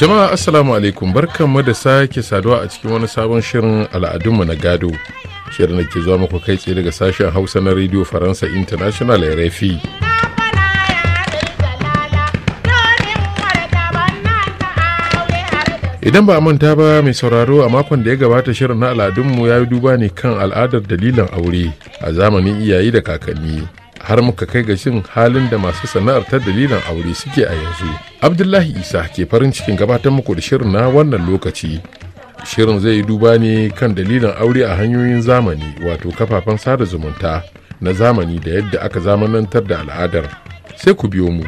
Jama'a Assalamu alaikum barkanmu da sake saduwa a cikin wani sabon shirin al'adunmu na gado. Shirin da ke zuwa muku kai tsaye daga sashen Hausa na Radio Faransa International RFI. Idan ba a manta ba mai sauraro a makon da ya gabata shirin na al'adunmu ya yi duba ne kan al'adar dalilan aure a zamanin iyaye da kakanni. har muka kai ga shin halin da masu sana'ar ta dalilin aure suke a yanzu abdullahi isa ke farin cikin gabatar muku da shirin na wannan lokaci shirin zai yi duba ne kan dalilin aure a hanyoyin zamani wato kafafen sada zumunta na zamani da yadda aka zamanantar da al'adar sai ku biyo mu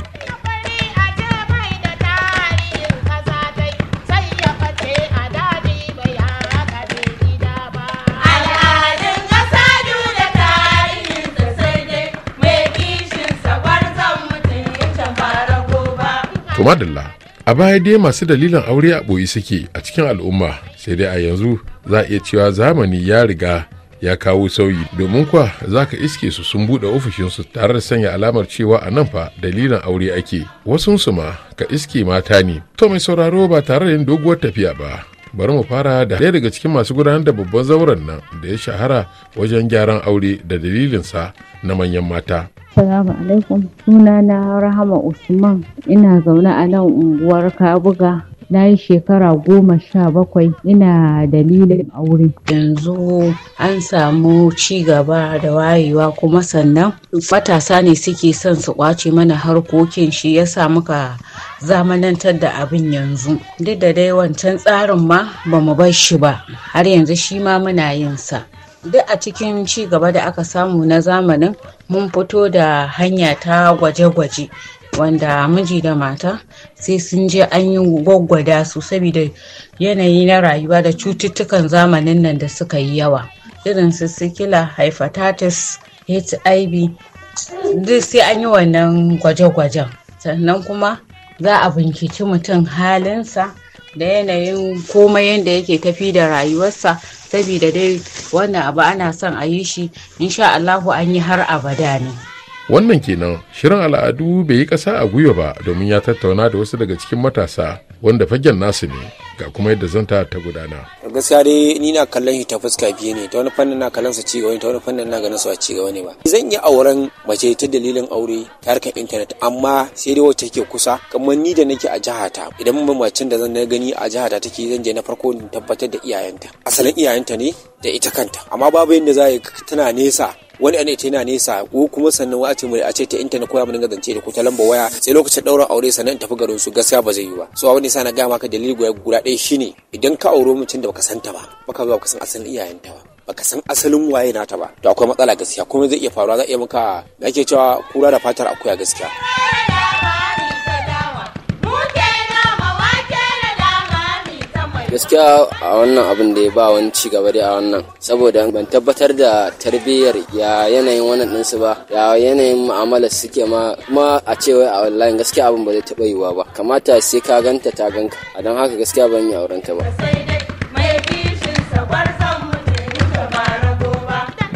to madalla a baya dai masu dalilin aure a ɓoye suke a cikin al'umma sai dai a yanzu za a iya cewa zamani ya riga ya kawo sauyi domin kuwa za ka iske su sun buɗe ofishinsu tare da sanya alamar cewa a nan fa dalilin aure ake Wasu wasunsu ma ka iske mata ne to mai sauraro ba tare da yin doguwar tafiya ba bari mu fara da ɗaya daga cikin masu gudanar da babban zauren nan da ya shahara wajen gyaran aure da dalilinsa na manyan mata Assalamu alaikum. Sunana Rahama Usman. Ina zaune a nan unguwar Kabuga. Na yi shekara goma sha bakwai ina dalilin aure. Yanzu an samu ci gaba da wayewa kuma sannan matasa ne suke son su kwace mana harkokin shi ya sa muka zamanantar da abin yanzu. Duk da dai wancan tsarin ma ba mu bar shi ba, har yanzu shi ma muna yin sa. duk a cikin ci gaba da aka samu na zamanin mun fito da hanya ta gwaje-gwaje wanda miji da mata sai sun je an yi gwaggwada su saboda yanayi na rayuwa da cututtukan zamanin nan da suka yi yawa irin su sikila hepatitis hiv duk sai an yi wannan gwaje-gwajen sannan kuma za a binciki mutum halinsa da yanayin komai yadda yake tafi da rayuwarsa sabida dai wannan abu ana son a yi shi insha Allahu an yi har abada ne wannan kenan shirin al'adu bai yi ƙasa a gwiwa ba domin ya tattauna da wasu daga cikin matasa wanda fagen nasu ne ga kuma yadda zan ta ta gudana gaskiya dai ni na kallon shi ta fuska biyu ne ta wani fannin na kallon sa cigaba ne ta wani fannin na ganin su a cigaba ne ba zan yi auren mace ta dalilin aure ta harkar intanet amma sai dai wacce ke kusa kamar ni da nake a jihata idan mun macin da zan gani a jihata take zan je na farko in tabbatar da iyayenta asalin iyayenta ne da ita kanta amma babu yadda za tana nesa wani a ne ta yana nesa ko kuma sannan wa ce a ce ta intanet ko ya mu dinga zance da ko ta lamba waya sai lokacin ɗaurin aure sannan tafi garin su gaskiya ba zai yi ba so abin da na gaya maka dalili guda ɗaya shine idan ka auro mutum da baka san ta ba baka zuwa ka san asalin iyayenta ba baka san asalin waye nata ba to akwai matsala gaskiya kuma zai iya faruwa za a iya maka da ake cewa kura da fatar akuya gaskiya gaskiya a wannan abin da ya ba wani ci gaba dai a wannan saboda ban tabbatar da tarbiyyar ya yanayin wannan ɗinsu ba ya yanayin mu'amala suke ma kuma a ce cewa a online gaskiya abin ba zai taɓa yiwuwa ba kamata sai ka ganta ta ganka a don haka gaskiya ban yi auren ta ba.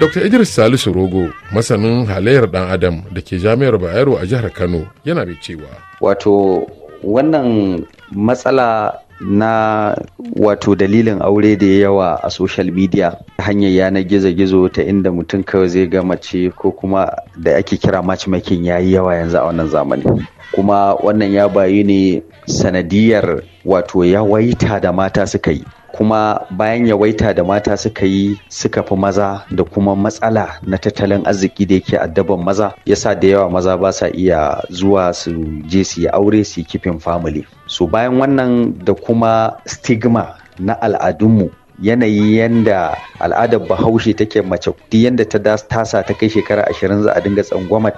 Dr. Idris Salisu Rogo, masanin halayyar dan Adam da ke Jami'ar Bayero a jihar Kano, yana mai cewa. Wato wannan matsala na wato dalilin aure da yawa a social media hanyar yanar gizo-gizo ta inda mutum kawai zai ga mace ko kuma da ake kira matchmaking ya yi yawa yanzu a wannan zamani kuma wannan ya bayu ne sanadiyar wato yawaita da mata suka yi kuma bayan yawaita da mata suka yi suka fi maza da kuma matsala na tattalin arziki da yake addaban maza yasa da yawa maza ba sa iya zuwa su je su yi aure su yi kifin family Su bayan wannan da kuma stigma na al'adunmu yanayi yanda al'adar bahaushe take mace duk yanda ta tasa ta kai shekara ashirin za a dinga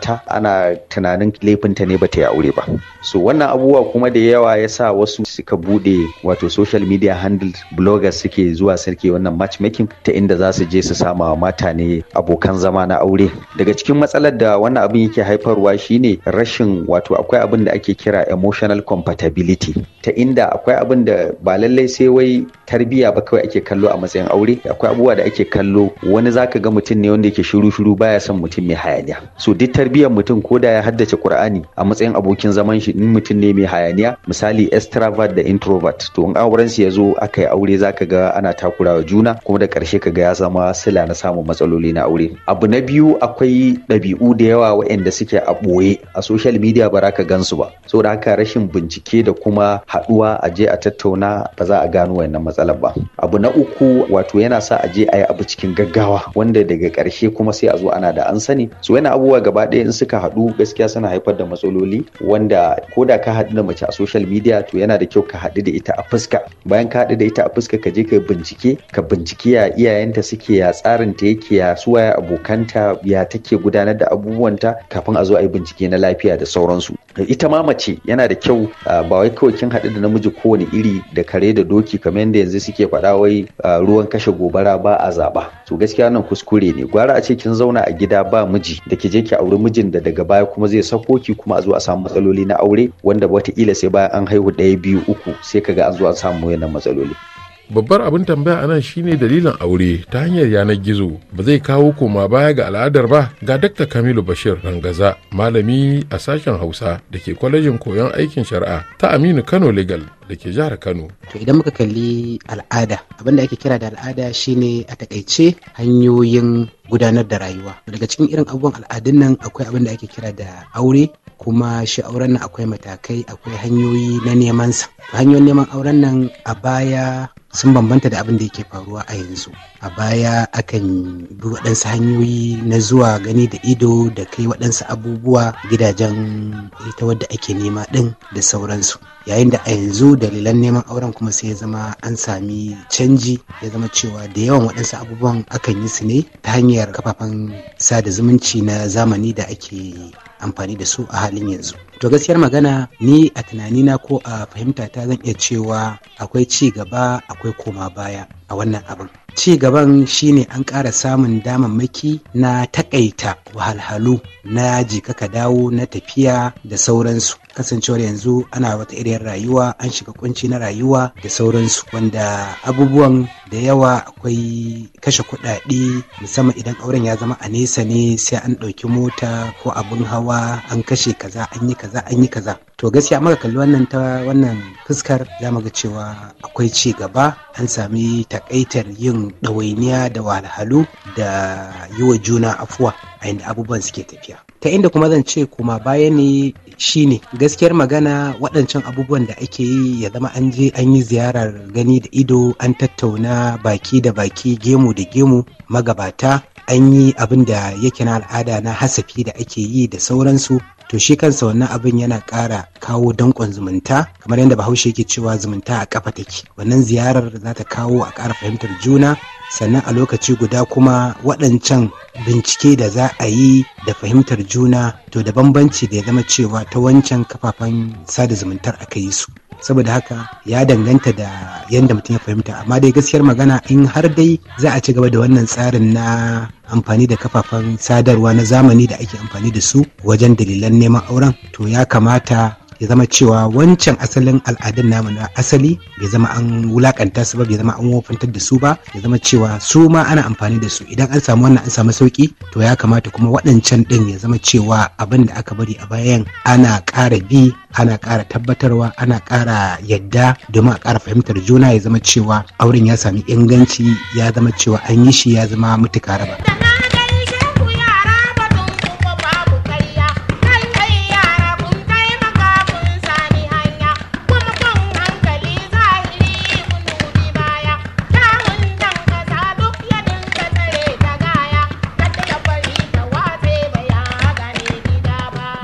ta, ana tunanin laifinta ne bata yi aure ba so wannan abubuwa kuma da yawa ya sa wasu suka bude wato social media handle bloggers suke zuwa sarki wannan matchmaking ta inda za su je su sama mata ne abokan zama na aure daga cikin matsalar da wannan abin yake haifarwa shine rashin wato akwai abin da ake kira emotional compatibility ta inda akwai abin da ba lallai sai wai Tarbiya ba kawai ake kallo a matsayin aure akwai abubuwa da ake kallo wani zaka ga mutum ne wanda yake shiru shiru baya son mutum mai hayaniya so duk tarbiyyar mutum ko da ya haddace Qur'ani a matsayin abokin zaman shi in mutum ne mai hayaniya misali extravert da introvert to in auren su ya zo aka yi aure zaka ga ana takurawa juna kuma da karshe kaga ya zama sila na samun matsaloli na aure abu na biyu akwai ɗabi'u da yawa waɗanda suke a ɓoye a social media ba ka gansu ba saboda haka rashin bincike da kuma haɗuwa a je a tattauna ba za a gano wannan matsalar ba abu na uku wato yana sa a je a yi abu cikin gaggawa wanda daga ƙarshe kuma sai a zo ana da an sani su yana abubuwa gaba ɗaya in suka haɗu gaskiya suna haifar da matsaloli wanda ko da ka haɗu da mace a social media to yana da kyau ka haɗu da ita a fuska bayan ka haɗu da ita a fuska ka je ka bincike ka bincike ya iyayenta suke ya tsarin ta yake ya suwaye abokanta ya take gudanar da abubuwanta kafin a zo a yi bincike na lafiya da sauransu ita ma mace yana da kyau ba wai kawai kin haɗu da namiji kowane iri da kare da doki kamar yadda yanzu suke faɗa wai ruwan kashe gobara ba a zaɓa to gaskiya nan kuskure ne gwara a ce kin zauna a gida ba miji da ki je ki auri mijin da daga baya kuma zai sako ki kuma a zo a samu matsaloli na aure wanda wataƙila sai bayan an haihu ɗaya biyu uku sai kaga an zo an samu yana matsaloli babbar abin tambaya anan shine dalilin aure ta hanyar yanar gizo ba zai kawo koma baya ga al'adar ba ga dr kamilu bashir rangaza malami a sashen hausa da ke kwalejin koyon aikin shari'a ta aminu kano legal da ke jihar Kano. To idan muka kalli al'ada abin da ake kira da al'ada shine a takaice hanyoyin gudanar da rayuwa daga cikin irin abubuwan al'adun nan akwai abin da ake kira da aure kuma shi auren nan akwai matakai akwai hanyoyi na neman sa hanyoyin neman auren nan a baya sun bambanta da abin da yake faruwa a yanzu a baya akan bi waɗansu hanyoyi na zuwa gani da ido da kai waɗansu abubuwa gidajen ita wadda ake nema ɗin da sauransu yayin da a yanzu dalilan neman auren kuma sai ya zama an sami canji ya zama cewa da yawan waɗansu abubuwan akan yi su ne ta hanyar kafafen sada zumunci na zamani da ake amfani da su a halin yanzu to gaskiyar magana ni a tunanina ko a fahimta ta zan iya cewa akwai ci gaba akwai koma baya a wannan abin ci gaban shine an ƙara samun damammaki na takaita wahalhalu na jika ka dawo na tafiya da sauransu kasancewar yanzu ana wata irin rayuwa an shiga kunci na rayuwa da sauransu wanda abubuwan da yawa akwai kashe kuɗaɗe musamman idan auren ya zama a nesa ne sai an ɗauki mota ko abun hawa an kashe kaza an yi kaza an yi kaza to gaskiya maka kalli wannan ta wannan fuskar za mu ga cewa akwai ci gaba an sami takaitar yin ɗawainiya da wahalhalu da yi wa juna afuwa a inda abubuwan suke tafiya ta inda kuma zan ce kuma baya ne shine gaskiyar magana waɗancan abubuwan da ake yi ya zama an je an yi ziyarar gani da ido an tattauna baki da baki gemu da gemu magabata an yi abin da yake na al'ada na hasafi da ake yi da sauransu to shi kansa wannan abin yana ƙara kawo danƙon zumunta kamar yadda bahaushe yake cewa zumunta a kafa take wannan ziyarar za ta kawo a ƙara fahimtar juna sannan a lokaci guda kuma waɗancan bincike da za a yi da fahimtar juna to da bambanci da ya zama cewa ta wancan kafafen sada zumuntar aka yi su saboda haka ya danganta da yadda mutum ya fahimta amma dai gaskiyar magana in har dai za a ci gaba da wannan tsarin na amfani da kafafen sadarwa na zamani da ake amfani da su wajen dalilan neman auren to ya kamata ya zama cewa wancan asalin al'adun namu na asali bai zama an wulakanta su ba bai zama an wofantar da su ba ya zama cewa su ma ana amfani da su idan an samu wannan an samu sauki to ya kamata kuma waɗancan ɗin ya zama cewa abin da aka bari a bayan ana ƙara bi ana ƙara tabbatarwa ana ƙara yadda domin a ƙara fahimtar juna ya zama cewa auren ya sami inganci ya zama cewa an yi shi ya zama mutuka raba.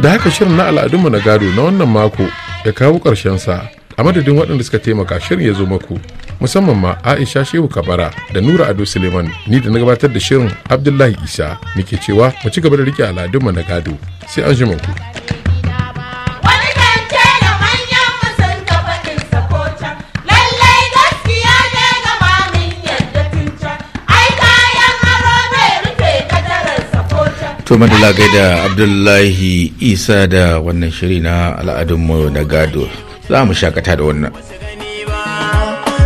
da haka shirin na al'adunmu na gado na wannan mako ya kawo sa a madadin waɗanda suka taimaka shirin ya zo maku musamman ma aisha shehu kabara da nura ado suleiman ni da na gabatar da shirin abdullahi isa ke cewa mu ci gaba da rike al'adunmu na gado sai an ku. to madalla da abdullahi isa da wannan shiri na mu na gado za mu shakata da wannan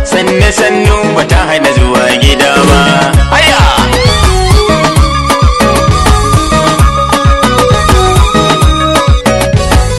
sanne sannu bata hana zuwa gida ba